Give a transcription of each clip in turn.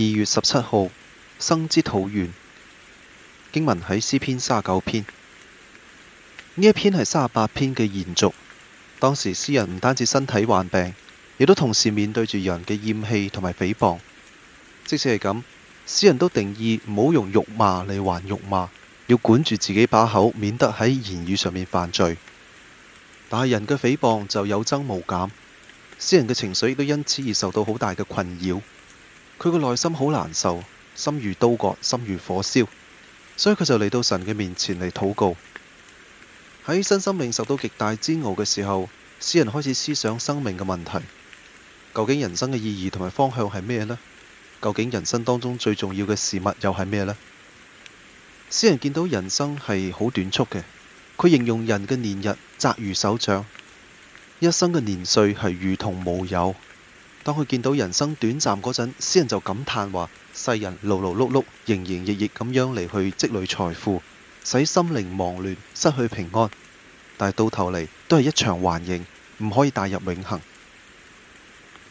二月十七號，生之禱願，經文喺詩篇卅九篇，呢一篇係卅八篇嘅延續。當時詩人唔單止身體患病，亦都同時面對住人嘅厭棄同埋誹謗。即使係咁，詩人都定意唔好用辱罵嚟還辱罵，要管住自己把口，免得喺言語上面犯罪。但係人嘅誹謗就有增無減，詩人嘅情緒亦都因此而受到好大嘅困擾。佢個內心好難受，心如刀割，心如火燒，所以佢就嚟到神嘅面前嚟禱告。喺身心靈受到極大煎熬嘅時候，詩人開始思想生命嘅問題：究竟人生嘅意義同埋方向係咩呢？究竟人生當中最重要嘅事物又係咩呢？詩人見到人生係好短促嘅，佢形容人嘅年日窄如手掌，一生嘅年歲係如同無有。當佢見到人生短暫嗰陣，詩人就感嘆話：世人勞勞碌碌、營營役役咁樣嚟去積累財富，使心靈忙亂，失去平安。但係到頭嚟都係一場幻影，唔可以帶入永恆。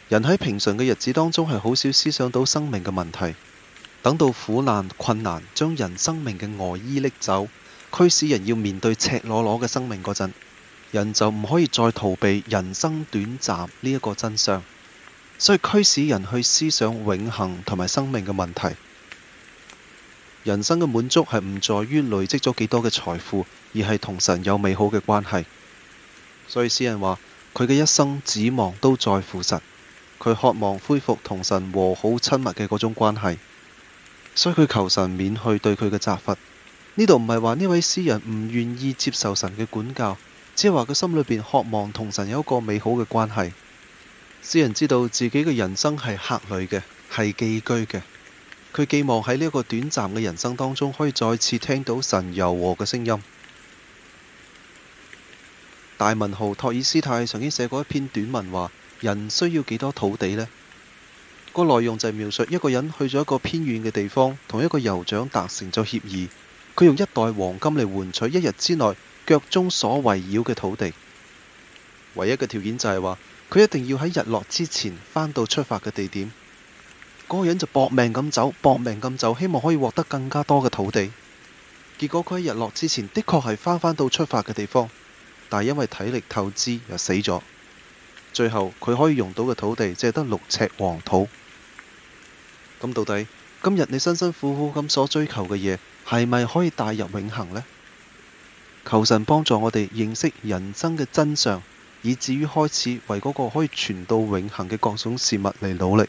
人喺平常嘅日子當中，係好少思想到生命嘅問題。等到苦難困難將人生命嘅外衣拎走，驅使人要面對赤裸裸嘅生命嗰陣，人就唔可以再逃避人生短暫呢一個真相。所以驅使人去思想永恒同埋生命嘅問題，人生嘅滿足係唔在於累積咗幾多嘅財富，而係同神有美好嘅關係。所以詩人話佢嘅一生指望都在乎神，佢渴望恢復同神和好親密嘅嗰種關係。所以佢求神免去對佢嘅責罰。呢度唔係話呢位詩人唔願意接受神嘅管教，只係話佢心裏邊渴望同神有一個美好嘅關係。詩人知道自己嘅人生係客旅嘅，係寄居嘅。佢寄望喺呢一個短暫嘅人生當中，可以再次聽到神柔和嘅聲音。大文豪托爾斯泰曾經寫過一篇短文，話人需要幾多土地呢？個內容就係描述一個人去咗一個偏遠嘅地方，同一個酋長達成咗協議，佢用一袋黃金嚟換取一日之內腳蹤所圍繞嘅土地。唯一嘅條件就係、是、話。佢一定要喺日落之前返到出發嘅地點，嗰個人就搏命咁走，搏命咁走，希望可以獲得更加多嘅土地。結果佢喺日落之前的確係返返到出發嘅地方，但係因為體力透支又死咗。最後佢可以用到嘅土地淨係得六呎黃土。咁到底今日你辛辛苦苦咁所追求嘅嘢，係咪可以帶入永恆呢？求神幫助我哋認識人生嘅真相。以至於開始為嗰個可以存到永恆嘅各種事物嚟努力。